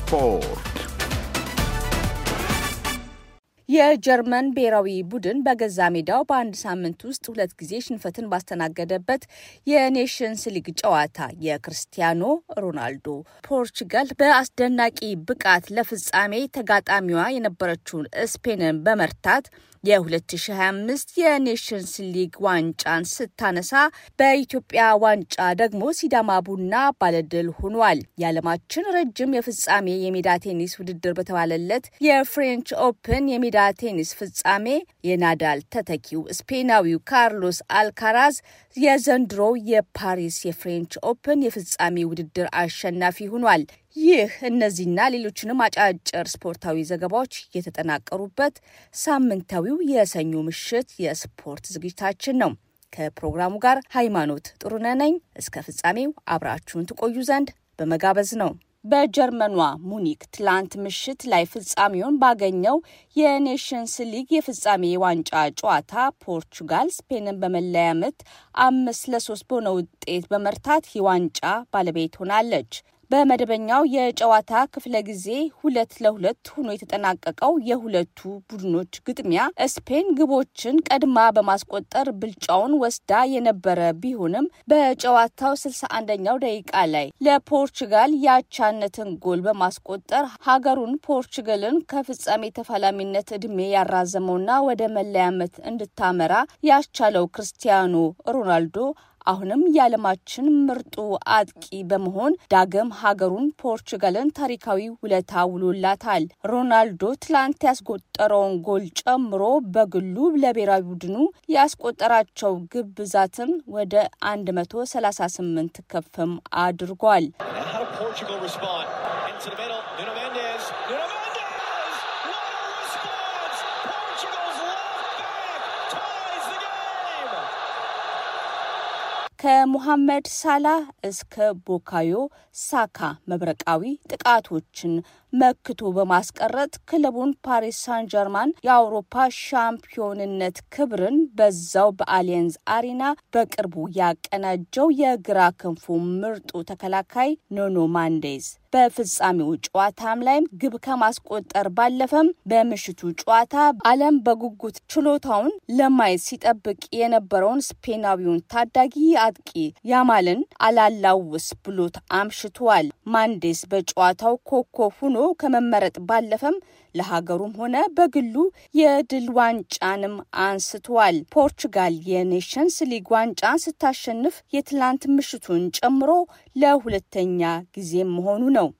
ስፖርት የጀርመን ብሔራዊ ቡድን በገዛ ሜዳው በአንድ ሳምንት ውስጥ ሁለት ጊዜ ሽንፈትን ባስተናገደበት የኔሽንስ ሊግ ጨዋታ የክርስቲያኖ ሮናልዶ ፖርቹጋል በአስደናቂ ብቃት ለፍጻሜ ተጋጣሚዋ የነበረችውን ስፔንን በመርታት የ2025 የኔሽንስ ሊግ ዋንጫን ስታነሳ በኢትዮጵያ ዋንጫ ደግሞ ሲዳማ ቡና ባለድል ሆኗል። የዓለማችን ረጅም የፍጻሜ የሜዳ ቴኒስ ውድድር በተባለለት የፍሬንች ኦፕን የሜዳ ቴኒስ ፍጻሜ የናዳል ተተኪው ስፔናዊው ካርሎስ አልካራዝ የዘንድሮው የፓሪስ የፍሬንች ኦፕን የፍጻሜ ውድድር አሸናፊ ሆኗል። ይህ እነዚህና ሌሎችንም አጫጭር ስፖርታዊ ዘገባዎች የተጠናቀሩበት ሳምንታዊው የሰኞ ምሽት የስፖርት ዝግጅታችን ነው። ከፕሮግራሙ ጋር ሃይማኖት ጥሩነህ ነኝ። እስከ ፍጻሜው አብራችሁን ትቆዩ ዘንድ በመጋበዝ ነው። በጀርመኗ ሙኒክ ትላንት ምሽት ላይ ፍጻሜውን ባገኘው የኔሽንስ ሊግ የፍጻሜ ዋንጫ ጨዋታ ፖርቹጋል ስፔንን በመለያ ምት አምስት ለሶስት በሆነ ውጤት በመርታት የዋንጫ ባለቤት ሆናለች። በመደበኛው የጨዋታ ክፍለ ጊዜ ሁለት ለሁለት ሆኖ የተጠናቀቀው የሁለቱ ቡድኖች ግጥሚያ ስፔን ግቦችን ቀድማ በማስቆጠር ብልጫውን ወስዳ የነበረ ቢሆንም በጨዋታው ስልሳ አንደኛው ደቂቃ ላይ ለፖርቹጋል የአቻነትን ጎል በማስቆጠር ሀገሩን ፖርቹጋልን ከፍጻሜ ተፋላሚነት እድሜ ያራዘመውና ወደ መለያመት እንድታመራ ያስቻለው ክርስቲያኖ ሮናልዶ አሁንም የዓለማችን ምርጡ አጥቂ በመሆን ዳግም ሀገሩን ፖርቹጋልን ታሪካዊ ውለታ ውሎላታል። ሮናልዶ ትላንት ያስቆጠረውን ጎል ጨምሮ በግሉ ለብሔራዊ ቡድኑ ያስቆጠራቸው ግብ ብዛትም ወደ 138 ከፍም አድርጓል። ከሙሐመድ ሳላህ እስከ ቦካዮ ሳካ መብረቃዊ ጥቃቶችን መክቶ በማስቀረት ክለቡን ፓሪስ ሳን ጀርማን የአውሮፓ ሻምፒዮንነት ክብርን በዛው በአሊየንዝ አሪና በቅርቡ ያቀናጀው የግራ ክንፉ ምርጡ ተከላካይ ኖኖ ማንዴዝ በፍጻሜው ጨዋታም ላይም ግብ ከማስቆጠር ባለፈም በምሽቱ ጨዋታ ዓለም በጉጉት ችሎታውን ለማየት ሲጠብቅ የነበረውን ስፔናዊውን ታዳጊ አጥቂ ያማልን አላላውስ ብሎት አምሽቷል። ማንዴስ በጨዋታው ኮከብ ሆኖ ከመመረጥ ባለፈም ለሀገሩም ሆነ በግሉ የድል ዋንጫንም አንስተዋል። ፖርቹጋል የኔሽንስ ሊግ ዋንጫ ስታሸንፍ የትላንት ምሽቱን ጨምሮ ለሁለተኛ ጊዜም መሆኑ ነው።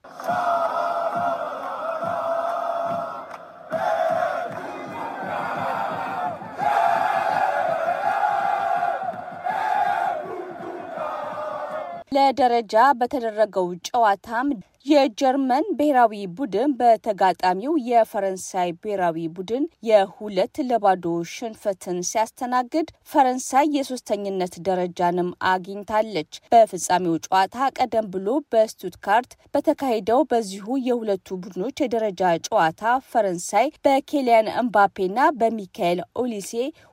ለደረጃ በተደረገው ጨዋታም የጀርመን ብሔራዊ ቡድን በተጋጣሚው የፈረንሳይ ብሔራዊ ቡድን የሁለት ለባዶ ሽንፈትን ሲያስተናግድ ፈረንሳይ የሶስተኝነት ደረጃንም አግኝታለች። በፍጻሜው ጨዋታ ቀደም ብሎ በስቱትካርት በተካሄደው በዚሁ የሁለቱ ቡድኖች የደረጃ ጨዋታ ፈረንሳይ በኬሊያን እምባፔና በሚካኤል ኦሊሴ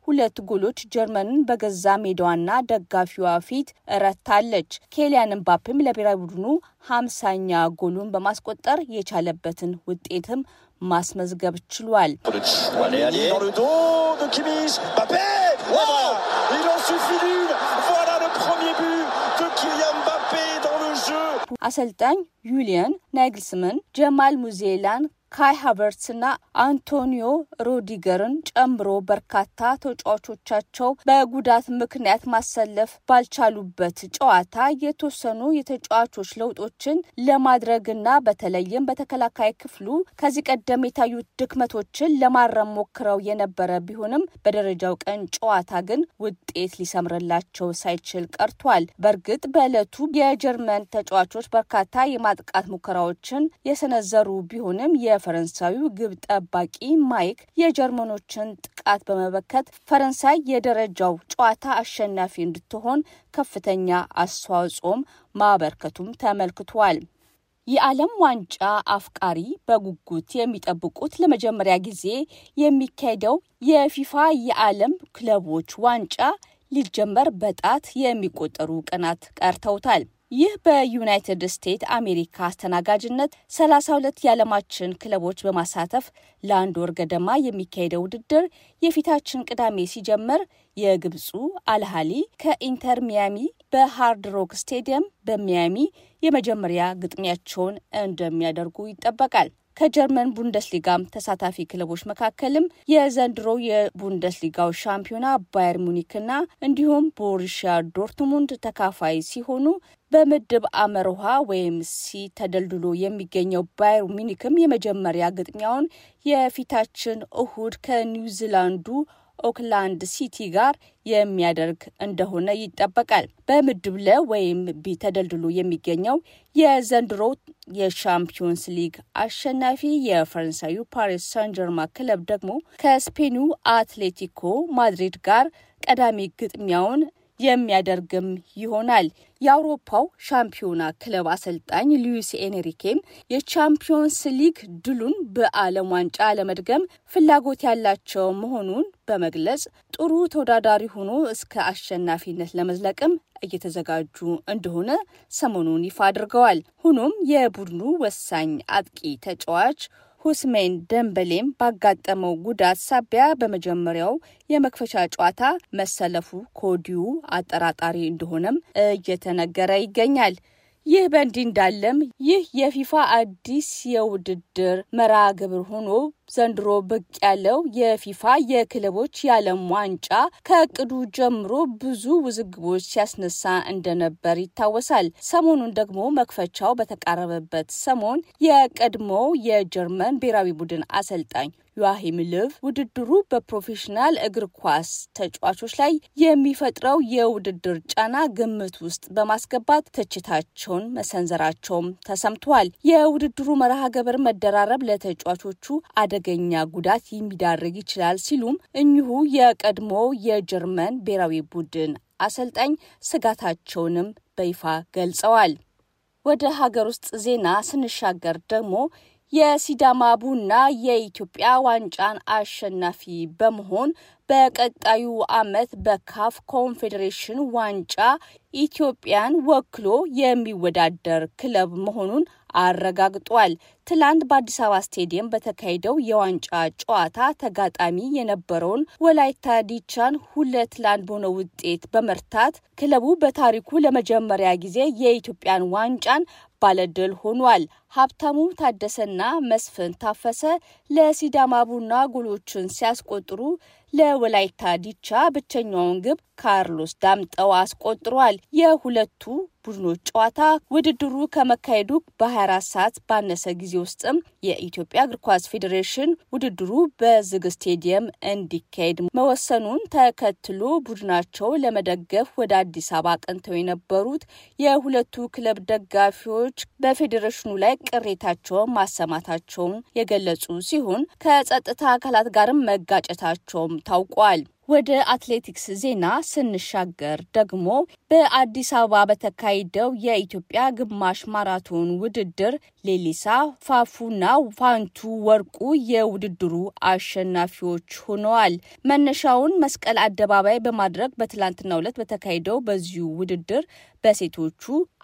ሁለት ጎሎች ጀርመንን በገዛ ሜዳዋና ደጋፊዋ ፊት ረታለች። ኬሊያን እምባፔም ለብሔራዊ ቡድኑ ሀምሳኛ ጎሉን በማስቆጠር የቻለበትን ውጤትም ማስመዝገብ ችሏል። አሰልጣኝ ዩሊየን ናግልስምን ጀማል ሙዜላን ካይ ሃቨርትስና አንቶኒዮ ሮዲገርን ጨምሮ በርካታ ተጫዋቾቻቸው በጉዳት ምክንያት ማሰለፍ ባልቻሉበት ጨዋታ የተወሰኑ የተጫዋቾች ለውጦችን ለማድረግና በተለይም በተከላካይ ክፍሉ ከዚህ ቀደም የታዩት ድክመቶችን ለማረም ሞክረው የነበረ ቢሆንም በደረጃው ቀን ጨዋታ ግን ውጤት ሊሰምርላቸው ሳይችል ቀርቷል። በእርግጥ በዕለቱ የጀርመን ተጫዋቾች በርካታ የማጥቃት ሙከራዎችን የሰነዘሩ ቢሆንም የ የፈረንሳዩ ግብ ጠባቂ ማይክ የጀርመኖችን ጥቃት በመበከት ፈረንሳይ የደረጃው ጨዋታ አሸናፊ እንድትሆን ከፍተኛ አስተዋጽኦም ማበርከቱም ተመልክቷል። የዓለም ዋንጫ አፍቃሪ በጉጉት የሚጠብቁት ለመጀመሪያ ጊዜ የሚካሄደው የፊፋ የዓለም ክለቦች ዋንጫ ሊጀመር በጣት የሚቆጠሩ ቀናት ቀርተውታል። ይህ በዩናይትድ ስቴትስ አሜሪካ አስተናጋጅነት 32 የዓለማችን ክለቦች በማሳተፍ ለአንድ ወር ገደማ የሚካሄደው ውድድር የፊታችን ቅዳሜ ሲጀመር የግብፁ አልሃሊ ከኢንተር ሚያሚ በሃርድ ሮክ ስቴዲየም በሚያሚ የመጀመሪያ ግጥሚያቸውን እንደሚያደርጉ ይጠበቃል። ከጀርመን ቡንደስሊጋም ተሳታፊ ክለቦች መካከልም የዘንድሮ የቡንደስሊጋው ሻምፒዮና ባየር ሙኒክና እንዲሁም ቦሩሺያ ዶርትሙንድ ተካፋይ ሲሆኑ በምድብ አመርሃ ወይም ሲ ተደልድሎ የሚገኘው ባየር ሙኒክም የመጀመሪያ ግጥሚያውን የፊታችን እሁድ ከኒውዚላንዱ ኦክላንድ ሲቲ ጋር የሚያደርግ እንደሆነ ይጠበቃል። በምድብ ለ ወይም ቢ ተደልድሎ የሚገኘው የዘንድሮ የሻምፒዮንስ ሊግ አሸናፊ የፈረንሳዩ ፓሪስ ሳን ጀርማ ክለብ ደግሞ ከስፔኑ አትሌቲኮ ማድሪድ ጋር ቀዳሚ ግጥሚያውን የሚያደርግም ይሆናል። የአውሮፓው ሻምፒዮና ክለብ አሰልጣኝ ሉዊስ ኤንሪኬም የቻምፒዮንስ ሊግ ድሉን በዓለም ዋንጫ ለመድገም ፍላጎት ያላቸው መሆኑን በመግለጽ ጥሩ ተወዳዳሪ ሆኖ እስከ አሸናፊነት ለመዝለቅም እየተዘጋጁ እንደሆነ ሰሞኑን ይፋ አድርገዋል። ሆኖም የቡድኑ ወሳኝ አጥቂ ተጫዋች ሁስሜን ደንበሌም ባጋጠመው ጉዳት ሳቢያ በመጀመሪያው የመክፈቻ ጨዋታ መሰለፉ ከወዲሁ አጠራጣሪ እንደሆነም እየተነገረ ይገኛል። ይህ በእንዲህ እንዳለም ይህ የፊፋ አዲስ የውድድር መርሃ ግብር ሆኖ ዘንድሮ ብቅ ያለው የፊፋ የክለቦች የዓለም ዋንጫ ከእቅዱ ጀምሮ ብዙ ውዝግቦች ሲያስነሳ እንደነበር ይታወሳል። ሰሞኑን ደግሞ መክፈቻው በተቃረበበት ሰሞን የቀድሞው የጀርመን ብሔራዊ ቡድን አሰልጣኝ ዮዋሂም ልቭ ውድድሩ በፕሮፌሽናል እግር ኳስ ተጫዋቾች ላይ የሚፈጥረው የውድድር ጫና ግምት ውስጥ በማስገባት ትችታቸውን መሰንዘራቸውም ተሰምተዋል። የውድድሩ መርሃ ግብር መደራረብ ለተጫዋቾቹ አደገኛ ጉዳት የሚዳርግ ይችላል ሲሉም እኚሁ የቀድሞ የጀርመን ብሔራዊ ቡድን አሰልጣኝ ስጋታቸውንም በይፋ ገልጸዋል። ወደ ሀገር ውስጥ ዜና ስንሻገር ደግሞ የሲዳማ ቡና የኢትዮጵያ ዋንጫን አሸናፊ በመሆን በቀጣዩ ዓመት በካፍ ኮንፌዴሬሽን ዋንጫ ኢትዮጵያን ወክሎ የሚወዳደር ክለብ መሆኑን አረጋግጧል። ትላንት በአዲስ አበባ ስቴዲየም በተካሄደው የዋንጫ ጨዋታ ተጋጣሚ የነበረውን ወላይታ ዲቻን ሁለት ለአንድ በሆነ ውጤት በመርታት ክለቡ በታሪኩ ለመጀመሪያ ጊዜ የኢትዮጵያን ዋንጫን ባለድል ሆኗል። ሀብታሙ ታደሰና መስፍን ታፈሰ ለሲዳማ ቡና ጎሎችን ሲያስቆጥሩ ለወላይታ ዲቻ ብቸኛውን ግብ ካርሎስ ዳምጠው አስቆጥሯል። የሁለቱ ቡድኖች ጨዋታ ውድድሩ ከመካሄዱ በ24 ሰዓት ባነሰ ጊዜ ውስጥም የኢትዮጵያ እግር ኳስ ፌዴሬሽን ውድድሩ በዝግ ስቴዲየም እንዲካሄድ መወሰኑን ተከትሎ ቡድናቸው ለመደገፍ ወደ አዲስ አበባ አቅንተው የነበሩት የሁለቱ ክለብ ደጋፊዎች በፌዴሬሽኑ ላይ ቅሬታቸውን ማሰማታቸውን የገለጹ ሲሆን ከጸጥታ አካላት ጋርም መጋጨታቸውም ታውቋል። ወደ አትሌቲክስ ዜና ስንሻገር ደግሞ በአዲስ አበባ በተካሄደው የኢትዮጵያ ግማሽ ማራቶን ውድድር ሌሊሳ ፋፉና ፋንቱ ወርቁ የውድድሩ አሸናፊዎች ሆነዋል። መነሻውን መስቀል አደባባይ በማድረግ በትላንትናው ዕለት በተካሄደው በዚሁ ውድድር በሴቶቹ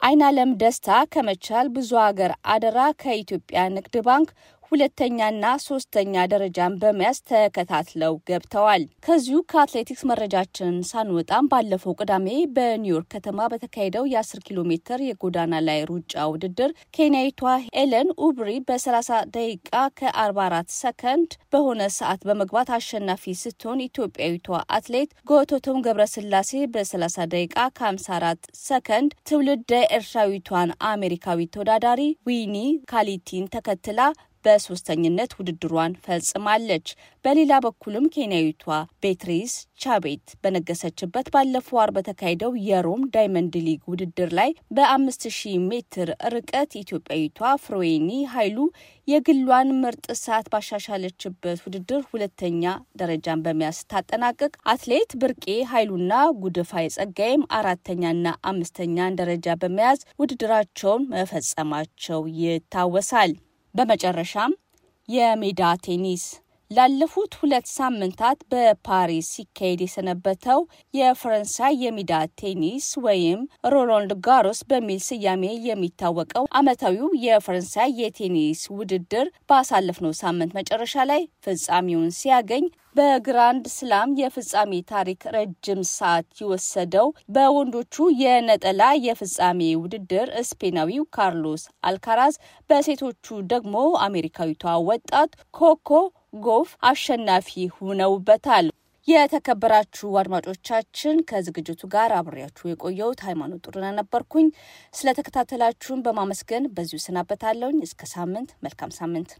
አይናለም ደስታ ከመቻል፣ ብዙ ሀገር አደራ ከኢትዮጵያ ንግድ ባንክ፣ ሁለተኛና ሶስተኛ ደረጃን በመያዝ ተከታትለው ገብተዋል። ከዚሁ ከአትሌቲክስ መረጃችን ሳንወጣም ባለፈው ቅዳሜ በኒውዮርክ ከተማ በተካሄደው የ10 ኪሎ ሜትር የጎዳና ላይ ሩጫ ውድድር ኬንያዊቷ ኤለን ኡብሪ በ30 ደቂቃ ከ44 ሰከንድ በሆነ ሰዓት በመግባት አሸናፊ ስትሆን ኢትዮጵያዊቷ አትሌት ጎቶቶም ገብረስላሴ በ30 ደቂቃ ከ54 ሰከንድ ትውልደ ኤርትራዊቷን አሜሪካዊ ተወዳዳሪ ዊኒ ካሊቲን ተከትላ በሶስተኝነት ውድድሯን ፈጽማለች። በሌላ በኩልም ኬንያዊቷ ቤትሪስ ቻቤት በነገሰችበት ባለፈው ወር በተካሄደው የሮም ዳይመንድ ሊግ ውድድር ላይ በ5000 ሜትር ርቀት ኢትዮጵያዊቷ ፍሮዌኒ ኃይሉ የግሏን ምርጥ ሰዓት ባሻሻለችበት ውድድር ሁለተኛ ደረጃን በመያዝ ታጠናቅቅ አትሌት ብርቄ ኃይሉና ጉድፋ የጸጋይም አራተኛና አምስተኛን ደረጃ በመያዝ ውድድራቸውን መፈጸማቸው ይታወሳል። በመጨረሻም የሜዳ ቴኒስ ላለፉት ሁለት ሳምንታት በፓሪስ ሲካሄድ የሰነበተው የፈረንሳይ የሜዳ ቴኒስ ወይም ሮላንድ ጋሮስ በሚል ስያሜ የሚታወቀው ዓመታዊው የፈረንሳይ የቴኒስ ውድድር ባሳለፍነው ሳምንት መጨረሻ ላይ ፍጻሜውን ሲያገኝ በግራንድ ስላም የፍጻሜ ታሪክ ረጅም ሰዓት የወሰደው በወንዶቹ የነጠላ የፍጻሜ ውድድር ስፔናዊው ካርሎስ አልካራዝ፣ በሴቶቹ ደግሞ አሜሪካዊቷ ወጣት ኮኮ ጎፍ አሸናፊ ሆነውበታል። የተከበራችሁ አድማጮቻችን ከዝግጅቱ ጋር አብሬያችሁ የቆየሁት ሃይማኖት ጥሩነህ ነበርኩኝ። ስለተከታተላችሁን በማመስገን በዚሁ ሰናበታለሁኝ። እስከ ሳምንት፣ መልካም ሳምንት።